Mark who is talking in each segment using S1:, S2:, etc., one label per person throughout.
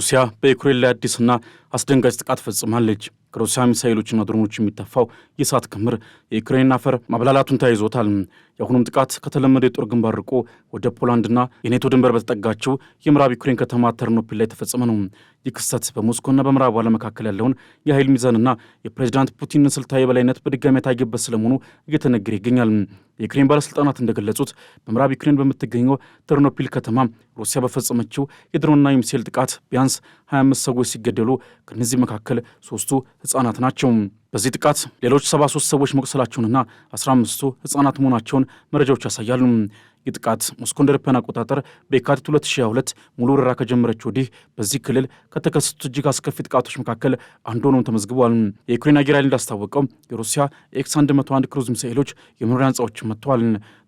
S1: ሩሲያ በዩክሬን ላይ አዲስና አስደንጋጭ ጥቃት ፈጽማለች። ከሩሲያ ሚሳይሎችና ድሮኖች የሚተፋው የእሳት ክምር የዩክሬን አፈር ማብላላቱን ተያይዞታል። የአሁኑም ጥቃት ከተለመደ የጦር ግንባር ርቆ ወደ ፖላንድና የኔቶ ድንበር በተጠጋችው የምዕራብ ዩክሬን ከተማ ተርኖፒል ላይ ተፈጸመ ነው። ይህ ክስተት በሞስኮና በምዕራብ ዓለም መካከል ያለውን የኃይል ሚዛንና የፕሬዚዳንት ፑቲንን ስልታዊ የበላይነት በድጋሚ የታየበት ስለመሆኑ እየተነገረ ይገኛል። የዩክሬን ባለሥልጣናት እንደገለጹት በምዕራብ ዩክሬን በምትገኘው ተርኖፒል ከተማ ሩሲያ በፈጸመችው የድሮንና የሚሳኤል ጥቃት ቢያንስ 25 ሰዎች ሲገደሉ ከእነዚህ መካከል ሶስቱ ሕፃናት ናቸው። በዚህ ጥቃት ሌሎች 73 ሰዎች መቁሰላቸውንና 15ቱ ህጻናት መሆናቸውን መረጃዎች ያሳያሉ። የጥቃት ሞስኮ እንደ አውሮፓውያን አቆጣጠር በየካቲት 2022 ሙሉ ወረራ ከጀመረች ወዲህ በዚህ ክልል ከተከሰቱት እጅግ አስከፊ ጥቃቶች መካከል አንዱ ሆኖም ተመዝግቧል። የዩክሬን አየር ኃይል እንዳስታወቀው የሩሲያ ኤክስ 101 ክሩዝ ሚሳኤሎች የመኖሪያ ህንፃዎችን መጥተዋል።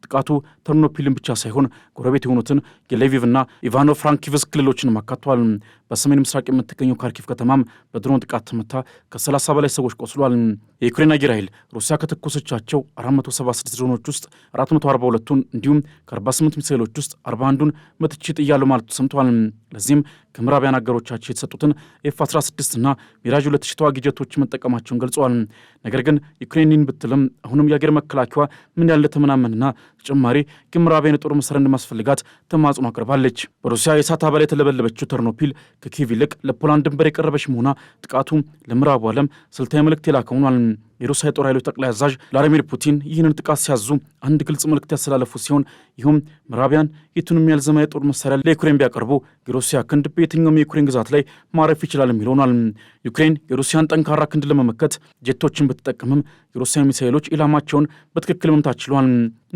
S1: ጥቃቱ ተርኖፒልን ብቻ ሳይሆን ጎረቤት የሆኑትን የሌቪቭ እና ኢቫኖ ፍራንኪቭስ ክልሎችንም አካቷል። በሰሜን ምስራቅ የምትገኘው ካርኪቭ ከተማም በድሮን ጥቃት ተመታ። ከ30 በላይ ሰዎች ቆስሏል። የዩክሬን አየር ኃይል ሩሲያ ከተኮሰቻቸው 476 ድሮኖች ውስጥ 442ቱን እንዲሁም ከ48 ሚሳይሎች ውስጥ 41ዱን መትቼ ጥያለሁ ማለቱ ሰምተዋል። ለዚህም ከምዕራቢያን አገሮቻቸው የተሰጡትን ኤፍ 16 እና ሚራጅ ሚራዥ 2000 ተዋጊ ጀቶች መጠቀማቸውን ገልጸዋል። ነገር ግን ዩክሬንን ብትልም አሁንም የአገር መከላከያ ምን ያለ ተመናመንና ተጨማሪ ከምዕራቢያን የጦር መሳሪያ እንደማስፈልጋት ተማጽኖ አቅርባለች። በሩሲያ የእሳት አባል የተለበለበችው ተርኖፒል ከኪየቭ ይልቅ ለፖላንድ ድንበር የቀረበች መሆኗ ጥቃቱ ለምዕራቡ ዓለም ስልታዊ መልእክት የላከ ሆኗል። የሩሲያ የጦር ኃይሎች ጠቅላይ አዛዥ ቭላዲሚር ፑቲን ይህንን ጥቃት ሲያዙ አንድ ግልጽ መልእክት ያስተላለፉ ሲሆን ይሁም ምዕራቢያን የቱንም ያልዘማ የጦር መሳሪያ ለዩክሬን ቢያቀርቡ የሩሲያ ክንድ በየትኛውም የዩክሬን ግዛት ላይ ማረፍ ይችላል የሚለውናል። ዩክሬን የሩሲያን ጠንካራ ክንድ ለመመከት ጀቶችን ብትጠቀምም የሩሲያ ሚሳይሎች ኢላማቸውን በትክክል መምታት ችሏል።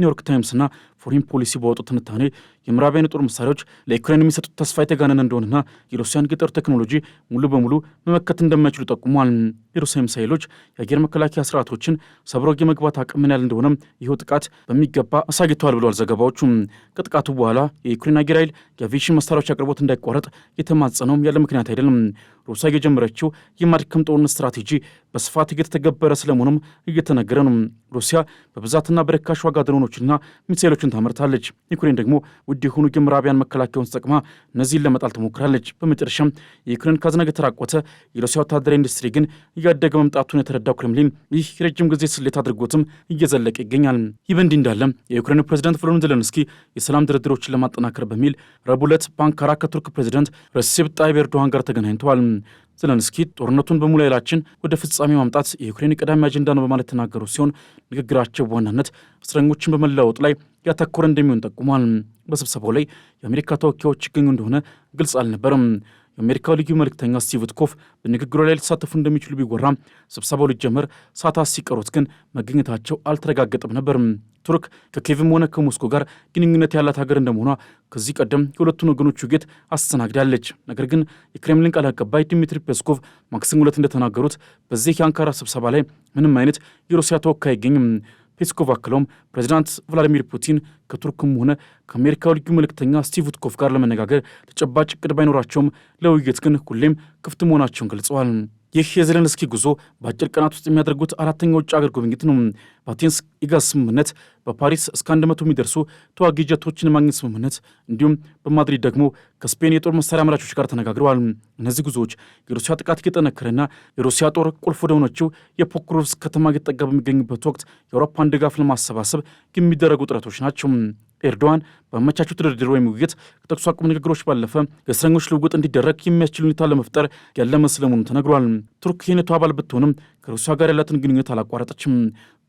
S1: ኒውዮርክ ታይምስና ፎሪን ፖሊሲ በወጡ ትንታኔ የምዕራባውያን የጦር መሳሪያዎች ለዩክሬን የሚሰጡት ተስፋ የተጋነነ እንደሆነና የሩሲያን ገጠር ቴክኖሎጂ ሙሉ በሙሉ መመከት እንደማይችሉ ጠቁሟል። የሩሲያ ሚሳይሎች የአየር መከላከያ ስርዓቶችን ሰብረው የመግባት አቅም ምን ያህል እንደሆነም ይህው ጥቃት በሚገባ አሳግተዋል ብለዋል ዘገባዎቹም። ከጥቃቱ በኋላ የዩክሬን አየር ኃይል የአቪዬሽን መሳሪያዎች አቅርቦት እንዳይቋረጥ የተማጸነውም ያለ ምክንያት አይደለም። ሩሲያ የጀመረችው የማድከም ጦርነት ስትራቴጂ በስፋት እየተተገበረ ስለመሆኑም እየተነገረ ነው። ሩሲያ በብዛትና በርካሽ ዋጋ ድሮኖችና ሚሳይሎችን ታመርታለች። ዩክሬን ደግሞ ውድ የሆኑ የምዕራቢያን መከላከያውን ተጠቅማ እነዚህን ለመጣል ትሞክራለች። በመጨረሻም የዩክሬን ካዝና የተራቆተ፣ የሩሲያ ወታደራዊ ኢንዱስትሪ ግን እያደገ መምጣቱን የተረዳው ክሬምሊን ይህ የረጅም ጊዜ ስሌት አድርጎትም እየዘለቀ ይገኛል። ይህ በእንዲህ እንዳለ የዩክሬን ፕሬዚደንት ቮሎዲሚር ዜሌንስኪ የሰላም ድርድሮችን ለማጠናከር በሚል ረቡዕ ዕለት በአንካራ ከቱርክ ፕሬዚደንት ረሴፕ ጣይብ ኤርዶሃን ጋር ተገናኝተዋል። ዘለንስኪ ጦርነቱን በሙሉ ኃይላችን ወደ ፍጻሜ ማምጣት የዩክሬን ቀዳሚ አጀንዳ ነው በማለት ተናገሩ ሲሆን ንግግራቸው በዋናነት እስረኞችን በመለወጥ ላይ ያተኮረ እንደሚሆን ጠቁሟል። በስብሰባው ላይ የአሜሪካ ተወካዮች ይገኙ እንደሆነ ግልጽ አልነበርም። የአሜሪካው ልዩ መልእክተኛ ስቲቭ ዊትኮፍ በንግግሩ ላይ ሊሳተፉ እንደሚችሉ ቢወራም ስብሰባው ሊጀመር ሰዓታት ሲቀሩት ግን መገኘታቸው አልተረጋገጠም ነበር። ቱርክ ከኬቭም ሆነ ከሞስኮ ጋር ግንኙነት ያላት ሀገር እንደመሆኗ ከዚህ ቀደም የሁለቱን ወገኖች ውጌት አስተናግዳለች። ነገር ግን የክሬምሊን ቃል አቀባይ ዲሚትሪ ፔስኮቭ ማክሰኞ ዕለት እንደተናገሩት በዚህ የአንካራ ስብሰባ ላይ ምንም አይነት የሩሲያ ተወካይ አይገኝም። ፔስኮቭ አክለውም ፕሬዚዳንት ቭላዲሚር ፑቲን ከቱርክም ሆነ ከአሜሪካው ልዩ መልእክተኛ ስቲቭ ውትኮፍ ጋር ለመነጋገር ተጨባጭ እቅድ ባይኖራቸውም ለውይይት ግን ሁሌም ክፍት መሆናቸውን ገልጸዋል። ይህ የዜሌንስኪ ጉዞ በአጭር ቀናት ውስጥ የሚያደርጉት አራተኛ ውጭ አገር ጉብኝት ነው። በአቴንስ ኢጋዝ ስምምነት በፓሪስ እስከ 100 የሚደርሱ ተዋጊ ጀቶችን ማግኘት ስምምነት እንዲሁም በማድሪድ ደግሞ ከስፔን የጦር መሳሪያ አምራቾች ጋር ተነጋግረዋል። እነዚህ ጉዞዎች የሩሲያ ጥቃት እየጠነከረና የሩሲያ ጦር ቁልፍ ወደሆነችው የፖክሮቭስክ ከተማ እየተጠጋ በሚገኝበት ወቅት የአውሮፓን ድጋፍ ለማሰባሰብ የሚደረጉ ጥረቶች ናቸው። ኤርዶዋን በመቻቸው ድርድር ወይም ውይይት ከተኩስ አቁም ንግግሮች ባለፈ የእስረኞች ልውውጥ እንዲደረግ የሚያስችል ሁኔታ ለመፍጠር ያለ ተነግሯል። ቱርክ የኔቶ አባል ብትሆንም ከሩሲያ ጋር ያላትን ግንኙነት አላቋረጠችም።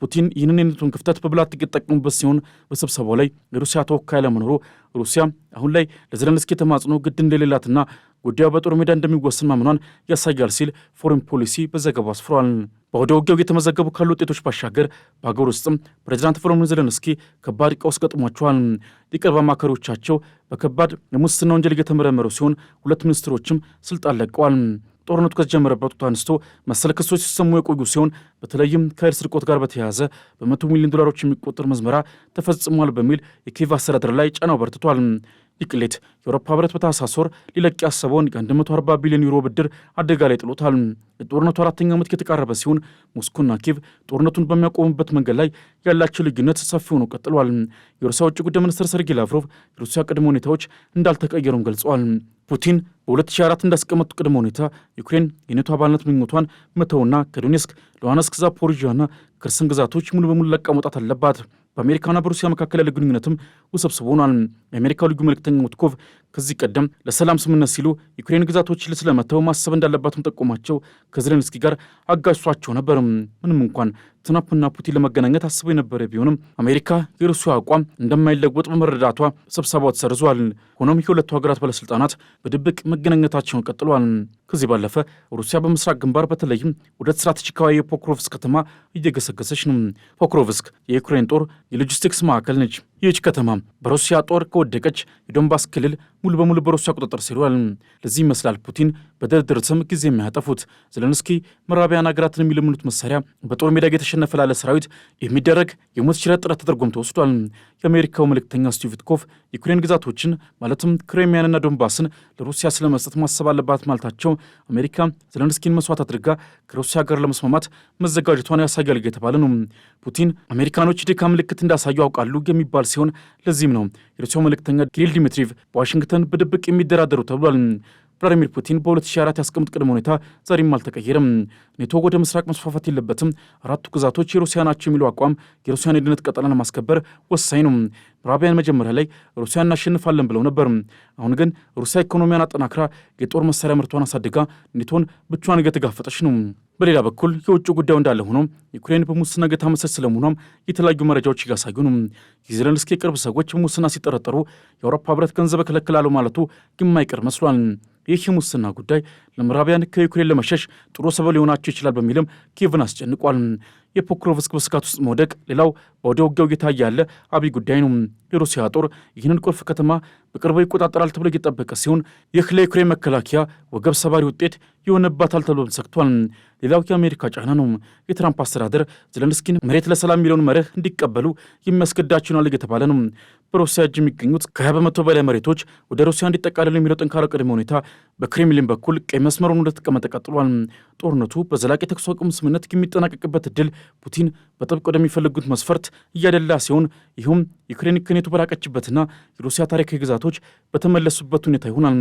S1: ፑቲን ይህንን የነቱን ክፍተት በብላት የተጠቀሙበት ሲሆን በስብሰባው ላይ የሩሲያ ተወካይ ለመኖሩ ሩሲያ አሁን ላይ ለዘለንስኪ ተማጽኖ ግድ እንደሌላትና ጉዳዩ በጦር ሜዳ እንደሚወሰን ማምኗን ያሳያል ሲል ፎሬን ፖሊሲ በዘገባው አስፍሯል። በአውደ ውጊያው እየተመዘገቡ ካሉ ውጤቶች ባሻገር በሀገር ውስጥም ፕሬዚዳንት ቮሎዲሚር ዘለንስኪ ከባድ ቀውስ ገጥሟቸዋል። የቅርብ አማካሪዎቻቸው በከባድ የሙስና ወንጀል እየተመረመሩ ሲሆን ሁለት ሚኒስትሮችም ስልጣን ለቀዋል። ጦርነቱ ከተጀመረበት ወቅት አንስቶ መሰል ክሶች ሲሰሙ የቆዩ ሲሆን በተለይም ከኃይል ስርቆት ጋር በተያያዘ በመቶ ሚሊዮን ዶላሮች የሚቆጠር መዝመራ ተፈጽሟል በሚል የኪየቭ አስተዳደር ላይ ጫናው በርትቷል። ይቅሌት የአውሮፓ ህብረት በታህሳስ ወር ሊለቅ ያሰበውን የ140 ቢሊዮን ዩሮ ብድር አደጋ ላይ ጥሎታል። የጦርነቱ አራተኛ ዓመት የተቃረበ ሲሆን ሞስኮና ኪቭ ጦርነቱን በሚያቆሙበት መንገድ ላይ ያላቸው ልዩነት ሰፊ ሆኖ ቀጥሏል። የሩሲያ ውጭ ጉዳይ ሚኒስትር ሰርጌይ ላቭሮቭ የሩሲያ ቅድመ ሁኔታዎች እንዳልተቀየሩም ገልጸዋል። ፑቲን በ2004 እንዳስቀመጡ ቅድመ ሁኔታ ዩክሬን የኔቶ አባልነት ምኞቷን መተውና ከዶኔስክ ሉሃንስክ፣ ዛፖሪዣና ክርስን ግዛቶች ሙሉ በሙሉ ለቃ መውጣት አለባት። በአሜሪካና በሩሲያ መካከል ያለ ግንኙነትም ውስብስብ ሆኗል። የአሜሪካው ልዩ መልእክተኛ ሙትኮቭ ከዚህ ቀደም ለሰላም ስምምነት ሲሉ ዩክሬን ግዛቶችን ስለመተው ማሰብ እንዳለባትም ጠቆማቸው ከዘለንስኪ ጋር አጋጭሷቸው ነበርም። ምንም እንኳን ትራምፕና ፑቲን ለመገናኘት አስበው የነበረ ቢሆንም አሜሪካ የሩሲያ አቋም እንደማይለወጥ በመረዳቷ ስብሰባው ተሰርዟል። ሆኖም የሁለቱ ሀገራት ባለስልጣናት በድብቅ መገናኘታቸውን ቀጥሏል። ከዚህ ባለፈ ሩሲያ በምስራቅ ግንባር በተለይም ወደ ስትራቴጂካዊ የፖክሮቭስክ ከተማ እየገሰገሰች ነው። ፖክሮቭስክ የዩክሬን ጦር የሎጂስቲክስ ማዕከል ነች። ይህች ከተማ በሩሲያ ጦር ከወደቀች የዶንባስ ክልል ሙሉ በሙሉ በሩሲያ ቁጥጥር ስር ይውላል። ለዚህ ይመስላል ፑቲን በድርድር ስም ጊዜ የሚያጠፉት። ዘለንስኪ ምዕራባውያን ሀገራትን የሚለምኑት መሳሪያ በጦር ሜዳ የተሸነፈ ላለ ሰራዊት የሚደረግ የሞት ሽረት ጥረት ተደርጎም ተወስዷል። የአሜሪካው መልእክተኛ ስቲቭ ዊትኮፍ የኩሬን ግዛቶችን ማለትም ክሬሚያንና ዶንባስን ለሩሲያ ስለመስጠት ማሰብ አለባት ማለታቸው አሜሪካ ዘለንስኪን መስዋዕት አድርጋ ከሩሲያ ጋር ለመስማማት መዘጋጀቷን ያሳያል እየተባለ ነው። ፑቲን አሜሪካኖች የድካም ምልክት እንዳሳዩ አውቃሉ የሚባል ሲሆን ለዚህም ነው የሩሲያው መልእክተኛ ኪሪል ዲሚትሪቭ በዋሽንግተን በድብቅ የሚደራደሩ ተብሏል። ቭላዲሚር ፑቲን በ2004 ያስቀምጥ ቅድመ ሁኔታ ዛሬም አልተቀየረም። ኔቶ ወደ ምስራቅ መስፋፋት የለበትም፣ አራቱ ግዛቶች የሩሲያ ናቸው የሚለው አቋም የሩሲያን የድነት ቀጠናን ለማስከበር ወሳኝ ነው። ምዕራባውያን መጀመሪያ ላይ ሩሲያ እናሸንፋለን ብለው ነበር። አሁን ግን ሩሲያ ኢኮኖሚያን አጠናክራ የጦር መሳሪያ ምርቷን አሳድጋ ኔቶን ብቻዋን እየተጋፈጠች ነው። በሌላ በኩል የውጭ ጉዳዩ እንዳለ ሆኖ ዩክሬን በሙስና የታመሰች ስለመሆኗም የተለያዩ መረጃዎች እያሳዩ ነው። የዜለንስኪ የቅርብ ሰዎች በሙስና ሲጠረጠሩ የአውሮፓ ህብረት ገንዘብ እከለክላለሁ ማለቱ የማይቀር መስሏል። ይህ የሙስና ጉዳይ ለምዕራቢያን ከዩክሬን ለመሸሽ ጥሩ ሰበብ ሊሆናቸው ይችላል በሚልም ኪየቭን አስጨንቋል። የፖክሮቭስክ በስጋት ውስጥ መውደቅ ሌላው በወደ ውጊያው እየታየ ያለ አብይ ጉዳይ ነው። የሩሲያ ጦር ይህንን ቁልፍ ከተማ በቅርቡ ይቆጣጠራል ተብሎ እየጠበቀ ሲሆን ይህ ለዩክሬን መከላከያ ወገብ ሰባሪ ውጤት ይሆንባታል ተብሎ ሰክቷል። ሌላው የአሜሪካ ጫና ነው። የትራምፕ አስተዳደር ዘለንስኪን መሬት ለሰላም የሚለውን መርህ እንዲቀበሉ የሚያስገድዳቸው እየተባለ ነው። በሩሲያ እጅ የሚገኙት ከ20 በመቶ በላይ መሬቶች ወደ ሩሲያ እንዲጠቃለሉ የሚለው ጠንካራ ቅድመ ሁኔታ በክሬምሊን በኩል ቀይ መስመሩን እንደተቀመጠ ቀጥሏል። ጦርነቱ በዘላቂ የተኩስ አቁም ስምምነት የሚጠናቀቅበት እድል ፑቲን በጥብቅ ወደሚፈልጉት መስፈርት እያደላ ሲሆን ይህም ዩክሬን ክኔቱ በራቀችበትና የሩሲያ ታሪካዊ ግዛቶች በተመለሱበት ሁኔታ ይሆናል።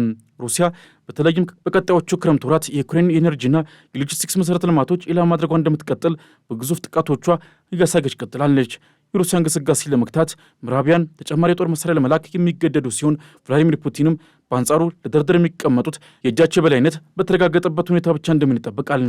S1: ሩሲያ በተለይም በቀጣዮቹ ክረምት ወራት የዩክሬን የኤነርጂና የሎጂስቲክስ መሠረተ ልማቶች ኢላማ ማድረጓ እንደምትቀጥል በግዙፍ ጥቃቶቿ እያሳገች ቀጥላለች። የሩሲያ እንቅስቃሴ ለመግታት ምዕራቢያን ተጨማሪ የጦር መሳሪያ ለመላክ የሚገደዱ ሲሆን ቭላዲሚር ፑቲንም በአንጻሩ ለድርድር የሚቀመጡት የእጃቸው የበላይነት በተረጋገጠበት ሁኔታ ብቻ እንደምን ይጠበቃል።